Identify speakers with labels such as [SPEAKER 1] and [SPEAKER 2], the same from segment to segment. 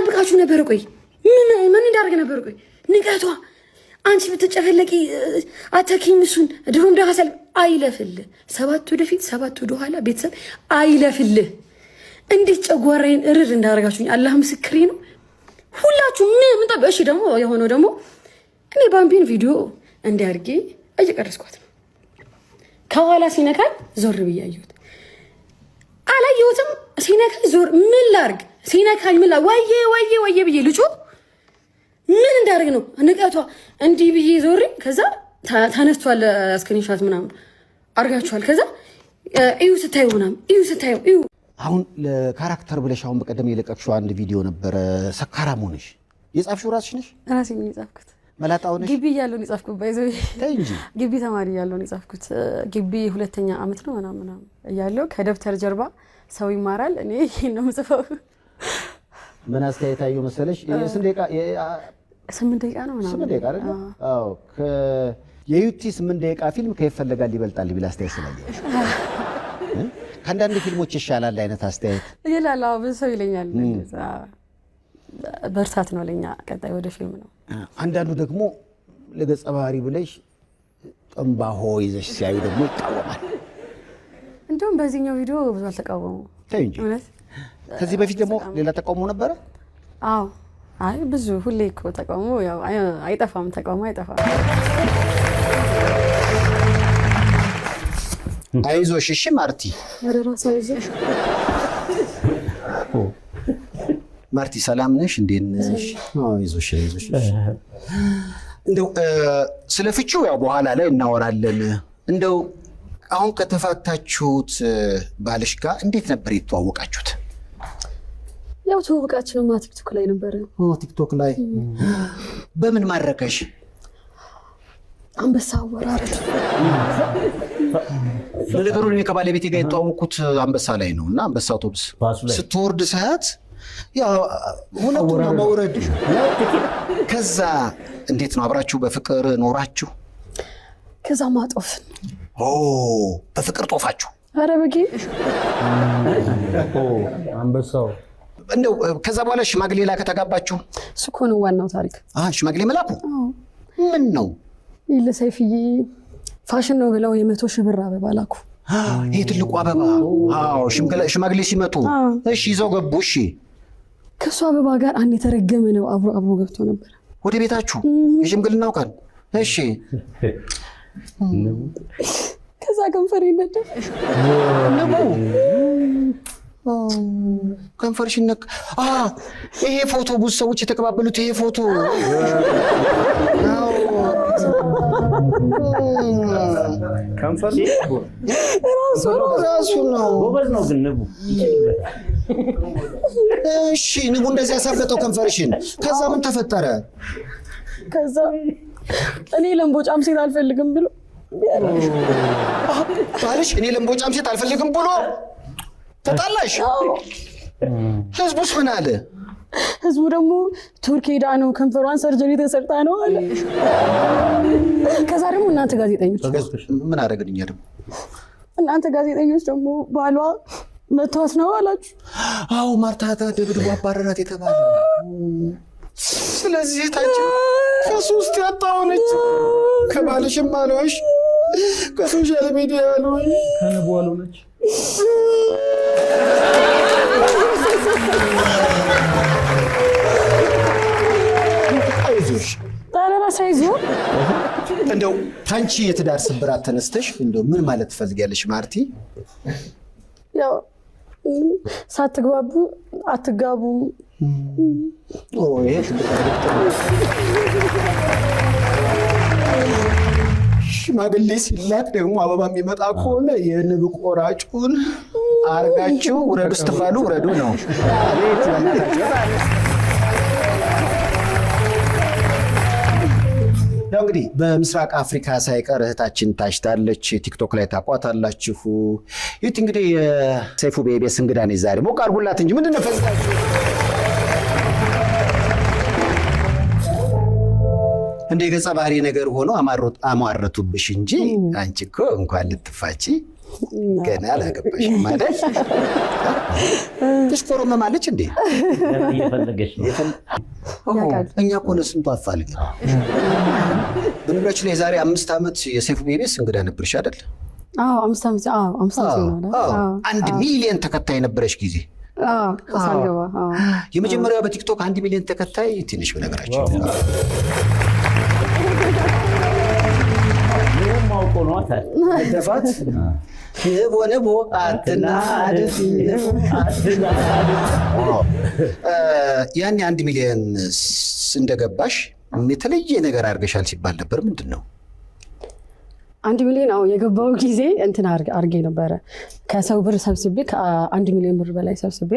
[SPEAKER 1] ጠብቃችሁ ነበር። ቆይ ምን ምን እንዳደርግ ነበር? ቆይ ንቀቷ አንቺ ብትጨፈለቂ አተኪኝ እሱን ድሮም ደሀሰል አይለፍልህ። ሰባት ወደፊት ሰባት ወደኋላ ቤተሰብ አይለፍልህ። እንዴት ጨጓራዬን እርር እንዳደረጋችሁኝ አላህ ምስክሬ ነው። ሁላችሁ ምን ጠብ እሺ። ደግሞ የሆነው ደግሞ እኔ ባምቢን ቪዲዮ እንዲያርጌ እየቀረስኳት ነው። ከኋላ ሲነካኝ ዞር ብዬ አየሁት። አላየሁትም ሲነካኝ ዞር ምን ላርግ ሲነካኝ ምላ ወዬ ወዬ ወዬ ብዬ ልጩ ምን እንዳደርግ ነው ንቀቷ እንዲህ ብዬ ዞሪ። ከዛ ተነስቷል፣ ስክሪንሻት ምናምን አድርጋችኋል። ከዛ እዩ ስታዩ ምናምን እዩ ስታዩ እዩ።
[SPEAKER 2] አሁን ለካራክተር ብለሽ አሁን በቀደም የለቀቅሽው አንድ ቪዲዮ ነበረ። ሰካራም ሆነሽ የጻፍሽው ራስሽ ነሽ?
[SPEAKER 1] ራሴ ነው የጻፍኩት። መላጣ ሆነሽ ግቢ እያለሁ ነው የጻፍኩት። ባይዘ እንጂ ግቢ ተማሪ እያለሁ ነው የጻፍኩት። ግቢ ሁለተኛ አመት ነው ምናምን ምናምን እያለሁ ከደብተር ጀርባ ሰው ይማራል። እኔ ይህን ነው የምጽፈው
[SPEAKER 2] ምን አስተያየት አየሁ መሰለሽ? ስምንት ደቂቃ ነው ስምንት የዩቲ ስምንት ደቂቃ ፊልም ከይፈለጋል ይበልጣል ቢል አስተያየት ስላለኝ ከአንዳንድ ፊልሞች ይሻላል አይነት አስተያየት
[SPEAKER 1] ይላል። ብዙ ሰው ይለኛል። በእርሳት ነው ለኛ ቀጣይ ወደ ፊልም ነው።
[SPEAKER 2] አንዳንዱ ደግሞ ለገጸ ባህሪ ብለሽ ጥንባሆ ይዘሽ ሲያዩ ደግሞ ይቃወማል።
[SPEAKER 1] እንደውም በዚህኛው ቪዲዮ ብዙ አልተቃወሙ
[SPEAKER 2] እውነት ከዚህ በፊት ደግሞ ሌላ ተቃውሞ ነበረ?
[SPEAKER 1] አዎ። አይ ብዙ ሁሌ እኮ ተቃውሞ ያው አይጠፋም፣ ተቃውሞ አይጠፋም።
[SPEAKER 2] አይዞሽ እሺ ማርቲ። ማርቲ ሰላም ነሽ? እንዴት ነሽ? አይዞሽ አይዞሽ። እንደው ስለ ፍቺው ያው በኋላ ላይ እናወራለን። እንደው አሁን ከተፋታችሁት ባልሽ ጋር እንዴት ነበር የተዋወቃችሁት?
[SPEAKER 1] ያው ትውውቃችን ማ ቲክቶክ ላይ ነበረ።
[SPEAKER 2] ቲክቶክ ላይ በምን ማረከሽ?
[SPEAKER 1] አንበሳ አወራረድ።
[SPEAKER 2] ለነገሩ እኔ ከባለቤቴ ጋር የተዋወቅኩት አንበሳ ላይ ነው እና አንበሳ አውቶብስ ስትወርድ ሰዓት ሁለቱና መውረድ። ከዛ እንዴት ነው አብራችሁ በፍቅር ኖራችሁ?
[SPEAKER 1] ከዛ ማጦፍን
[SPEAKER 2] በፍቅር ጦፋችሁ? አረ በጌ አንበሳው እንደው ከዛ በኋላ ሽማግሌ ላከ ተጋባችሁ?
[SPEAKER 1] እሱ እኮ ነው ዋናው ታሪክ።
[SPEAKER 2] ሽማግሌ መላኩ ምን ነው
[SPEAKER 1] ይለ ሰይፍዬ ፋሽን ነው ብለው የመቶ ሺህ ብር አበባ ላኩ።
[SPEAKER 2] ይሄ ትልቁ አበባ ሽማግሌ ሲመጡ እሺ ይዘው ገቡ። እሺ
[SPEAKER 1] ከእሱ አበባ ጋር አንድ የተረገመ ነው አብሮ አብሮ ገብቶ ነበር
[SPEAKER 2] ወደ ቤታችሁ የሽምግልናው ቀን። እሺ
[SPEAKER 1] ከዛ ከንፈር ይነዳል።
[SPEAKER 2] ከንፈርሽ ነክ ይሄ ፎቶ ብዙ ሰዎች የተቀባበሉት ይሄ ፎቶ ራሱ ነው። እሺ ንቡ እንደዚህ ያሳበጠው ከንፈርሽን፣ ከዛ ምን ተፈጠረ?
[SPEAKER 1] ከዛ እኔ ለምቦጫም ሴት አልፈልግም ብሎ
[SPEAKER 2] ባልሽ እኔ ለምቦጫም ሴት አልፈልግም ብሎ ተጣላሽ። ህዝቡስ ምን አለ?
[SPEAKER 1] ህዝቡ ደግሞ ቱርክ ሄዳ ነው ከንፈሯን ሰርጀሪ ተሰርጣ ነው አለ። ከዛ ደግሞ እናንተ ጋዜጠኞች
[SPEAKER 2] ምን አደረግልኛ? ደግሞ
[SPEAKER 1] እናንተ ጋዜጠኞች ደግሞ ባሏ መቷት ነው አላችሁ።
[SPEAKER 2] አዎ ማርታ ደብድቦ አባረራት የተባለ ስለዚህ ታች ከሶስት ያጣሆነች ከባልሽም አለሽ ከሶሻል ሚዲያ ያለሆኝ
[SPEAKER 3] ከነቡ አለሆነች
[SPEAKER 2] አይዞሽ
[SPEAKER 1] ባለራስ አይዞ
[SPEAKER 2] እንደው ታንቺ የትዳር ስብራት ተነስተሽ እንደው ምን ማለት ትፈልጊያለሽ ማርቲ?
[SPEAKER 1] ያው ሳትግባቡ አትጋቡ።
[SPEAKER 2] ሽማግሌ ሲላክ ደግሞ አበባ የሚመጣ ከሆነ የንብ ቆራጩን አርጋችሁ ውረዱ ስትባሉ ውረዱ ነው። ያው እንግዲህ በምስራቅ አፍሪካ ሳይቀር እህታችን ታጭታለች። ቲክቶክ ላይ ታቋታላችሁ። ይህ እንግዲህ የሰይፉ ቤቤስ እንግዳ ነች ዛሬ። ሞቅ አድርጉላት እንጂ ምንድን ነው ፈዝታችሁ? እንደ ገጸ ባህሪ ነገር ሆኖ አሟረቱብሽ እንጂ አንቺ እኮ እንኳን ልትፋቺ ገና አላገባሽም ማለት ትሽኮረመማለች እንዴ? እኛ እኮ ስንቱ አፋልግ። በነገራችን ላይ የዛሬ አምስት ዓመት የሴፉ ቤቤስ እንግዳ ነበርሽ አይደል? አንድ ሚሊዮን ተከታይ ነበረች ጊዜ የመጀመሪያ በቲክቶክ አንድ ሚሊዮን ተከታይ ትንሽ በነገራችን
[SPEAKER 3] ሆኖታል። መደፋት
[SPEAKER 2] ያኔ አንድ ሚሊዮን እንደገባሽ የተለየ ነገር አድርገሻል ሲባል ነበር። ምንድን ነው
[SPEAKER 1] አንድ ሚሊዮን? አዎ የገባው ጊዜ እንትን አድርጌ ነበረ ከሰው ብር ሰብስቤ ከአንድ ሚሊዮን ብር በላይ ሰብስቤ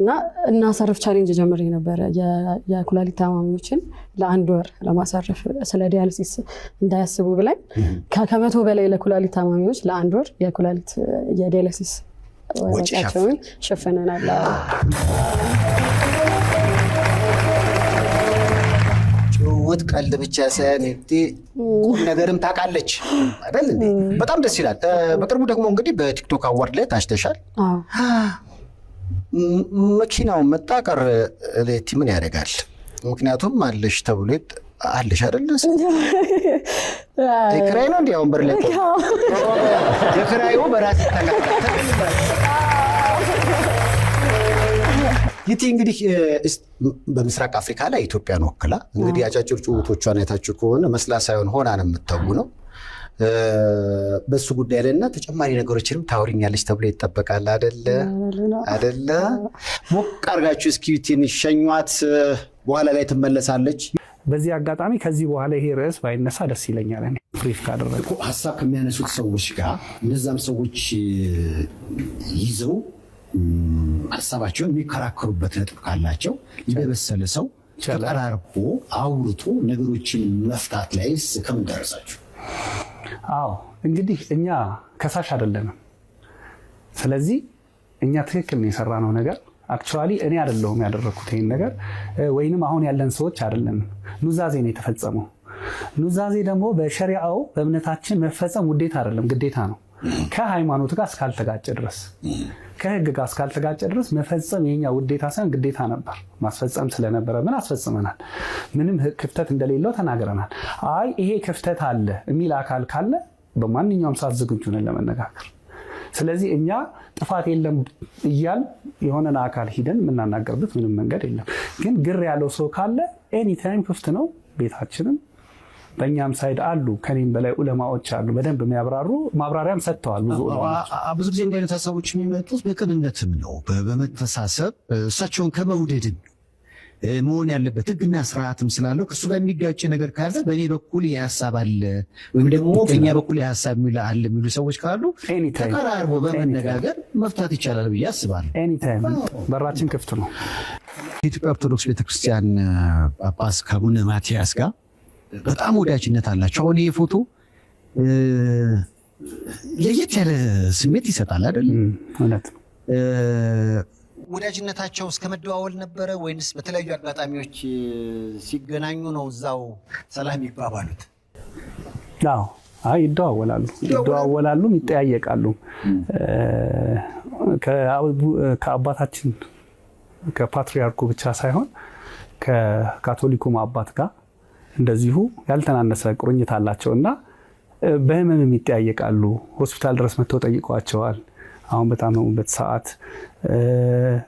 [SPEAKER 1] እና እናሳርፍ ቻሌንጅ ጀምሬ ነበረ የኩላሊት ታማሚዎችን ለአንድ ወር ለማሳረፍ ስለ ዲያልሲስ እንዳያስቡ ብለን ከመቶ በላይ ለኩላሊት ታማሚዎች ለአንድ ወር የኩላሊት የዲያሊሲስ
[SPEAKER 2] ወጪያቸውን ሸፍነናል። ጭውውት ቀልድ ብቻ ሳይሆን ቁም ነገርም ታውቃለች አይደል? በጣም ደስ ይላል። በቅርቡ ደግሞ እንግዲህ በቲክቶክ አዋርድ ላይ ታጭተሻል። መኪናው መጣ ቀር ሌቲ ምን ያደርጋል? ምክንያቱም አለሽ ተብሎ አለሽ አይደለ? የክራይ ነው እንዲ በር ላይ የክራዩ በራስ ይቲ እንግዲህ በምስራቅ አፍሪካ ላይ ኢትዮጵያን ወክላ እንግዲህ አጫጭር ጭውቶቿን አይታችሁ ከሆነ መስላ ሳይሆን ሆና ነው የምታው ነው በሱ ጉዳይ ላይ እና ተጨማሪ ነገሮችንም ታውሪኛለች ተብሎ ይጠበቃል። አደለ አደለ? ሞቅ አርጋችሁ እስኪ ሸኟት፣ በኋላ ላይ ትመለሳለች።
[SPEAKER 3] በዚህ አጋጣሚ ከዚህ በኋላ ይሄ ርዕስ ባይነሳ ደስ ይለኛል። ፍሪፍ ካደረገ
[SPEAKER 2] ሀሳብ ከሚያነሱት ሰዎች ጋር እነዛም ሰዎች ይዘው ሀሳባቸውን የሚከራከሩበት ነጥብ ካላቸው የበሰለ ሰው ተቀራርቦ አውርቶ ነገሮችን መፍታት ላይ እስከምን ደረሳችሁ?
[SPEAKER 3] አዎ እንግዲህ እኛ ከሳሽ አይደለንም። ስለዚህ እኛ ትክክል ነው የሰራነው ነገር አክቹዋሊ እኔ አይደለሁም ያደረግኩት ይህን ነገር ወይንም አሁን ያለን ሰዎች አይደለንም። ኑዛዜ ነው የተፈጸመው። ኑዛዜ ደግሞ በሸሪዓው በእምነታችን መፈጸም ውዴታ አይደለም፣ ግዴታ ነው። ከሃይማኖት ጋር እስካልተጋጨ ድረስ ከህግ ጋር እስካልተጋጨ ድረስ መፈጸም የኛ ውዴታ ሳይሆን ግዴታ ነበር። ማስፈጸም ምን አስፈጽመናል። ምንም ክፍተት እንደሌለው ተናግረናል። አይ ይሄ ክፍተት አለ የሚል አካል ካለ በማንኛውም ሰዓት ዝግጁ ነን ለመነጋገር። ስለዚህ እኛ ጥፋት የለም እያል የሆነን አካል ሂደን የምናናገርበት ምንም መንገድ የለም። ግን ግር ያለው ሰው ካለ ኤኒታይም ክፍት ነው ቤታችንም በእኛም ሳይድ አሉ፣ ከኔም በላይ ዑለማዎች አሉ በደንብ የሚያብራሩ ማብራሪያም ሰጥተዋል። ብዙ
[SPEAKER 2] ብዙ ጊዜ እንደዚህ አይነት ሀሳቦች የሚመጡት በቅንነትም ነው፣ በመተሳሰብ እሳቸውን ከመውደድም መሆን ያለበት ህግና ስርዓትም ስላለው ከሱ ጋር የሚጋጭ ነገር ካለ በእኔ በኩል የሀሳብ አለ ወይም ደግሞ በእኛ በኩል የሀሳብ አለ የሚሉ ሰዎች ካሉ ተቀራርቦ በመነጋገር መፍታት ይቻላል ብዬ
[SPEAKER 3] አስባለሁ። በራችን ክፍት ነው።
[SPEAKER 2] የኢትዮጵያ ኦርቶዶክስ ቤተክርስቲያን ጳጳስ አቡነ ማቲያስ ጋር በጣም ወዳጅነት አላቸው። አሁን ይሄ ፎቶ ለየት ያለ ስሜት ይሰጣል አይደል? ወዳጅነታቸው እስከ መደዋወል ነበረ ወይንስ በተለያዩ አጋጣሚዎች ሲገናኙ ነው እዛው ሰላም ይባባሉት?
[SPEAKER 3] አዎ አይ ይደዋወላሉ፣ ይደዋወላሉም ይጠያየቃሉ። ከአባታችን ከፓትሪያርኩ ብቻ ሳይሆን ከካቶሊኩም አባት ጋር እንደዚሁ ያልተናነሰ ቁርኝት አላቸው እና በህመምም ይጠያየቃሉ። ሆስፒታል ድረስ መጥተው ጠይቋቸዋል። አሁን በታመሙበት ሰዓት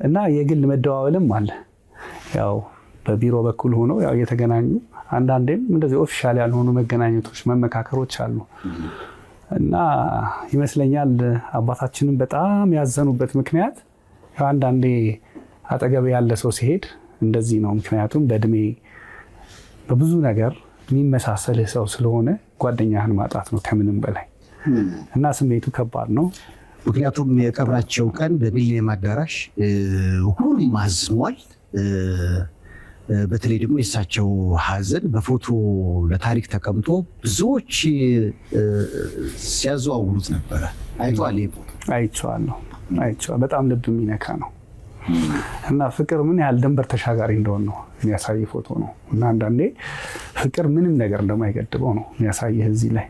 [SPEAKER 3] እና የግል መደዋወልም አለ። ያው በቢሮ በኩል ሆኖ ያው እየተገናኙ አንዳንዴም እንደዚህ ኦፊሻል ያልሆኑ መገናኘቶች፣ መመካከሮች አሉ እና ይመስለኛል አባታችንም በጣም ያዘኑበት ምክንያት አንዳንዴ አጠገብ ያለ ሰው ሲሄድ እንደዚህ ነው። ምክንያቱም በእድሜ በብዙ ነገር የሚመሳሰልህ ሰው ስለሆነ ጓደኛህን ማጣት ነው ከምንም በላይ እና ስሜቱ ከባድ ነው።
[SPEAKER 2] ምክንያቱም የቀብራቸው ቀን በሚሊኒየም አዳራሽ ሁሉም አዝኗል። በተለይ ደግሞ የእሳቸው ሀዘን በፎቶ ለታሪክ ተቀምጦ ብዙዎች ሲያዘዋውሩት ነበረ። አይተዋል?
[SPEAKER 3] አይቼዋለሁ። አይቼዋለሁ። በጣም ልብ የሚነካ ነው። እና ፍቅር ምን ያህል ድንበር ተሻጋሪ እንደሆን ነው የሚያሳይ ፎቶ ነው። እና አንዳንዴ ፍቅር ምንም ነገር እንደማይገድበው ነው የሚያሳይህ እዚህ ላይ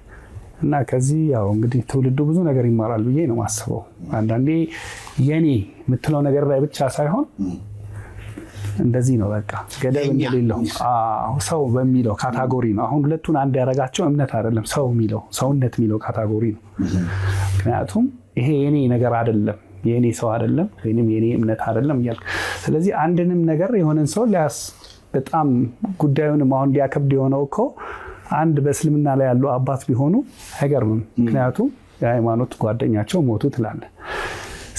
[SPEAKER 3] እና ከዚህ ያው እንግዲህ ትውልዱ ብዙ ነገር ይማራል ብዬ ነው ማስበው። አንዳንዴ የኔ የምትለው ነገር ላይ ብቻ ሳይሆን እንደዚህ ነው በቃ ገደብ እንደሌለው ሰው በሚለው ካታጎሪ ነው። አሁን ሁለቱን አንድ ያደረጋቸው እምነት አይደለም፣ ሰው የሚለው ሰውነት የሚለው ካታጎሪ ነው። ምክንያቱም ይሄ የኔ ነገር አይደለም የእኔ ሰው አይደለም ወይም የእኔ እምነት አይደለም እያልክ ስለዚህ አንድንም ነገር የሆነን ሰው ሊያስ በጣም ጉዳዩንም አሁን ሊያከብድ የሆነው እኮ አንድ በእስልምና ላይ ያሉ አባት ቢሆኑ አይገርምም። ምክንያቱም የሃይማኖት ጓደኛቸው ሞቱ ትላለ።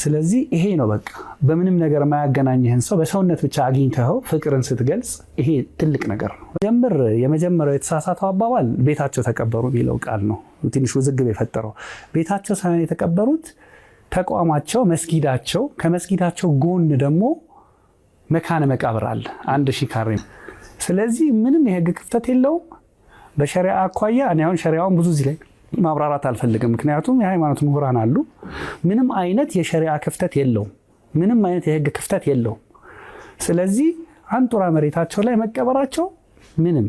[SPEAKER 3] ስለዚህ ይሄ ነው በቃ በምንም ነገር የማያገናኝህን ሰው በሰውነት ብቻ አግኝተኸው ፍቅርን ስትገልጽ ይሄ ትልቅ ነገር ነው። ጀምር የመጀመሪያው የተሳሳተው አባባል ቤታቸው ተቀበሩ የሚለው ቃል ነው ትንሽ ውዝግብ የፈጠረው። ቤታቸው ሳይሆን የተቀበሩት ተቋማቸው መስጊዳቸው፣ ከመስጊዳቸው ጎን ደግሞ መካነ መቃብር አለ አንድ ሺህ ካሬ። ስለዚህ ምንም የህግ ክፍተት የለውም በሸሪያ አኳያ። እኔ አሁን ሸሪያውን ብዙ እዚህ ላይ ማብራራት አልፈልግም፣ ምክንያቱም የሃይማኖት ምሁራን አሉ። ምንም አይነት የሸሪያ ክፍተት የለውም። ምንም አይነት የህግ ክፍተት የለውም። ስለዚህ አንጡራ መሬታቸው ላይ መቀበራቸው ምንም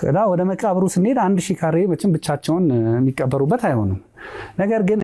[SPEAKER 3] ከዛ ወደ መቃብሩ ስንሄድ አንድ ሺህ ካሬ መቼም ብቻቸውን የሚቀበሩበት አይሆኑም ነገር ግን